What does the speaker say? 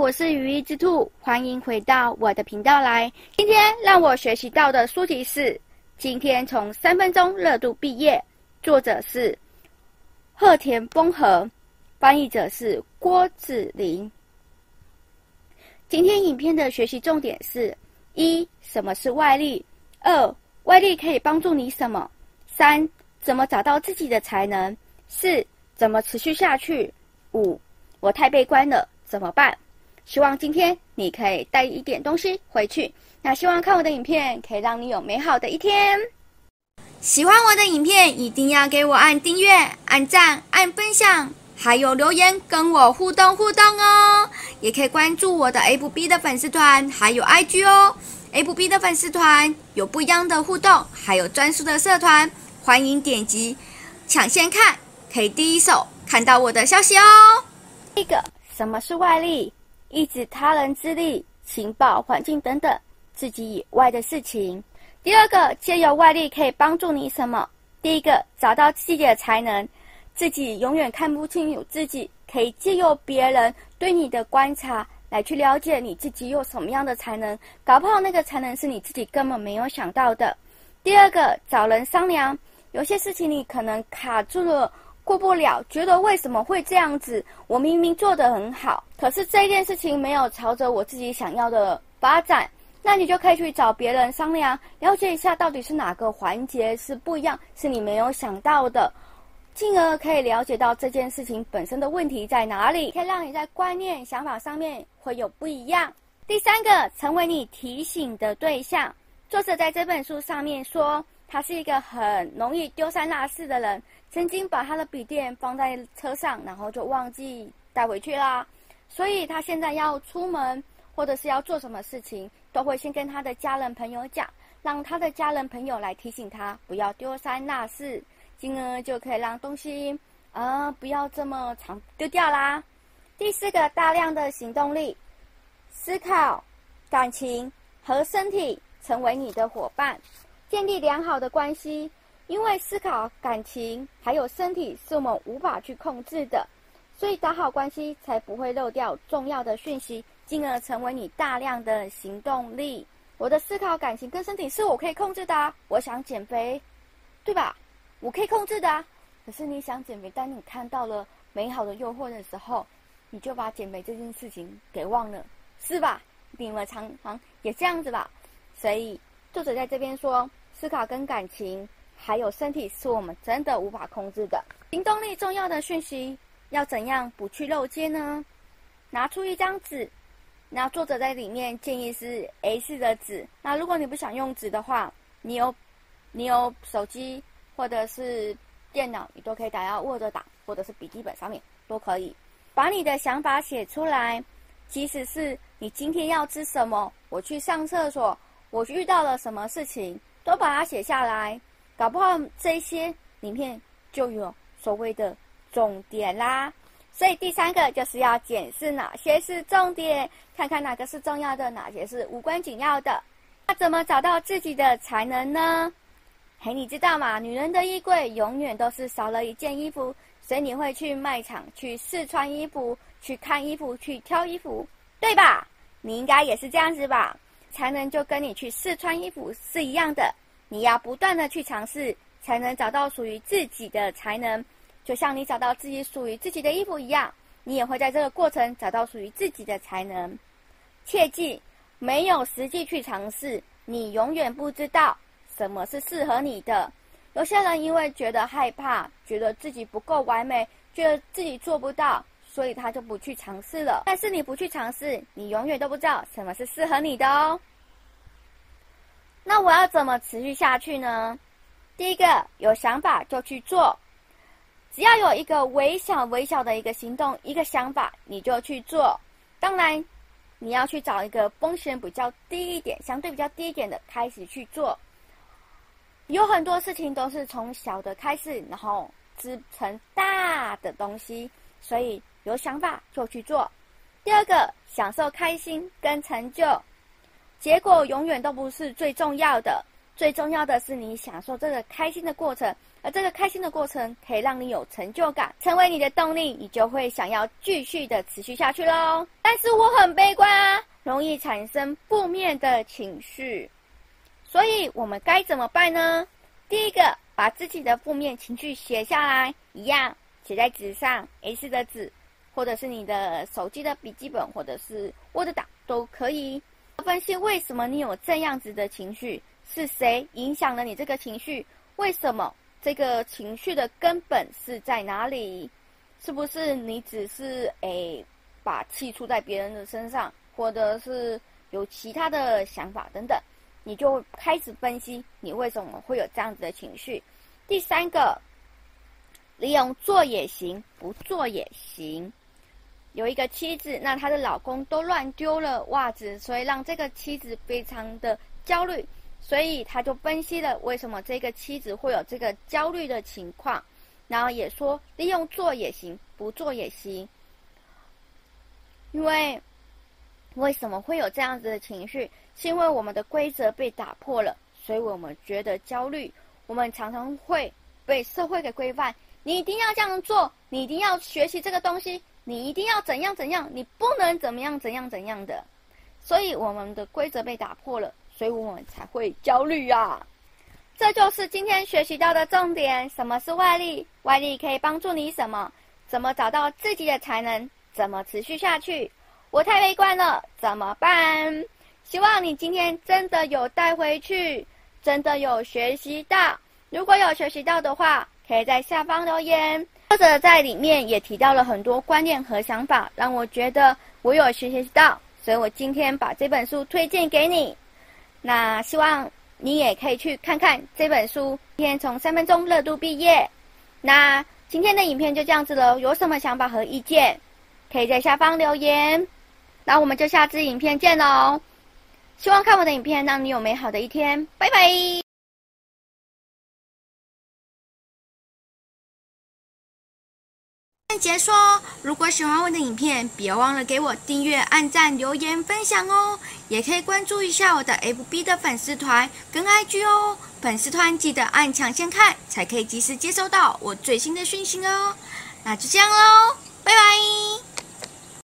我是羽翼之兔，歡迎回到我的頻道來。今天讓我學習到的書籍是《今天從三分鐘熱度畢業》，作者是鶴田豐和，翻譯者是郭子林。今天影片的學習重點是：一、什麼是外力；二、外力可以幫助你什麼；三、怎麼找到自己的才能；四、怎麼持續下去；五、我太悲觀了，怎麼辦？希望今天你可以帶一點東西回去。那希望看我的影片可以讓你有美好的一天。喜歡我的影片，一定要給我按訂閱、按贊、按分享，還有留言跟我互動互動哦。也可以關注我的 FB 的粉絲團，還有 IG 哦。FB 的粉絲團有不一樣的互動，還有專屬的社團，歡迎點擊搶先看，可以第一手看到我的消息哦。第一、這個，什麼是外力？抑制他人之力、情報、環境等等，自己以外的事情。第二個，借由外力可以幫助你什麼？第一個，找到自己的才能，自己永遠看不清楚自己，可以借由別人對你的觀察來去了解你自己有什麼樣的才能，搞不好那個才能是你自己根本沒有想到的。第二個，找人商量，有些事情你可能卡住了。過不了，覺得為什麼會這樣子？我明明做得很好，可是這件事情沒有朝着我自己想要的發展，那你就可以去找別人商量，了解一下到底是哪個環節是不一樣，是你沒有想到的，進而可以了解到這件事情本身的問題在哪裡，可以讓你在觀念、想法上面會有不一樣。第三個，成為你提醒的對象。作者在這本書上面說，他是一個很容易丟三落四的人。曾經把他的筆電放在車上，然後就忘記帶回去啦。所以他現在要出門或者是要做什麼事情，都會先跟他的家人朋友講，讓他的家人朋友來提醒他，不要丟三落四，進而就可以讓東西啊、呃、不要這麼常丟掉啦。第四個，大量的行動力、思考、感情和身體。成為你的夥伴，建立良好的關係，因為思考、感情還有身體是我們無法去控制的，所以打好關係才不會漏掉重要的訊息，進而成為你大量的行動力。我的思考、感情跟身體是我可以控制的啊，我想減肥，對吧？我可以控制的啊。可是你想減肥，當你看到了美好的誘惑的時候，你就把減肥這件事情給忘了，是吧？你們常常也這樣子吧？所以，作者在這邊說，思考跟感情，還有身體，是我們真的無法控制的行動力。重要的訊息要怎樣不去漏接呢？拿出一張紙，那作者在裡面建議是 A 四的紙。那如果你不想用紙的話，你有，你有手機或者是電腦，你都可以打到 word 檔，或者是筆記本上面都可以，把你的想法寫出來。即使是你今天要吃什麼，我去上廁所。我遇到了什麼事情，都把它寫下來，搞不好這些影片就有所謂的重點啦。所以第三個就是要檢視哪些是重點，看看哪個是重要的，哪些是無關緊要的。那、啊、怎麼找到自己的才能呢？嘿，你知道嗎？女人的衣櫃永遠都是少了一件衣服，所以你會去賣場去試穿衣服，去看衣服，去看衣服，去挑衣服，對吧？你應該也是這樣子吧。才能就跟你去試穿衣服是一樣的，你要不斷的去嘗試，才能找到屬於自己的才能。就像你找到自己屬於自己的衣服一樣，你也會在這個過程找到屬於自己的才能。切記，沒有實際去嘗試，你永遠不知道什麼是適合你的。有些人因為覺得害怕，覺得自己不夠完美，覺得自己做不到。所以他就不去嘗試了。但是你不去嘗試，你永遠都不知道什麼是適合你的哦。那我要怎麼持續下去呢？第一個，有想法就去做，只要有一個微小、微小的一個行動、一個想法，你就去做。當然，你要去找一個風險比較低一點、相對比較低一點的開始去做。有很多事情都是從小的開始，然後支撐大的東西，所以。有想法就去做。第二個，享受開心跟成就，結果永遠都不是最重要的。最重要的是你享受這個開心的過程，而這個開心的過程可以讓你有成就感，成為你的動力，你就會想要繼續的持續下去嘍。但是我很悲觀啊，容易產生負面的情緒，所以我們該怎麼辦呢？第一個，把自己的負面情緒寫下來，一樣寫在紙上，A4 的紙。或者是你的手機的筆記本，或者是 Word 檔都可以分析。為什麼你有這樣子的情緒？是誰影響了你這個情緒？為什麼這個情緒的根本是在哪裡？是不是你只是誒把氣出在別人的身上，或者是有其他的想法等等？你就開始分析你為什麼會有這樣子的情緒。第三個，利用做也行，不做也行。有一個妻子，那她的老公都亂丟了襪子，所以讓這個妻子非常的焦慮。所以他就分析了為什麼這個妻子會有這個焦慮的情況，然後也說，利用做也行，不做也行。因為為什麼會有這樣子的情緒？是因為我們的規則被打破了，所以我們覺得焦慮。我們常常會被社會給規範，你一定要這樣做，你一定要學習這個東西。你一定要怎樣怎樣，你不能怎麼樣怎樣怎樣的，所以我們的規則被打破了，所以我們才會焦慮啊。這就是今天學習到的重點：什麼是外力？外力可以幫助你什麼？怎麼找到自己的才能？怎麼持續下去？我太悲觀了，怎麼辦？希望你今天真的有帶回去，真的有學習到。如果有學習到的話。可以在下方留言，作者在裡面也提到了很多觀念和想法，讓我覺得我有學習到，所以我今天把這本書推薦給你。那希望你也可以去看看這本書。今天從三分鐘熱度畢業，那今天的影片就這樣子了。有什麼想法和意見，可以在下方留言。那我們就下支影片見嘍！希望看我的影片讓你有美好的一天，拜拜。結束哦，如果喜歡我的影片，別忘了給我訂閱、按讚、留言、分享哦。也可以關注一下我的 FB 的粉絲團跟 IG 哦。粉絲團記得按搶先看，才可以及時接收到我最新的訊息哦。那就這樣嘍，拜拜。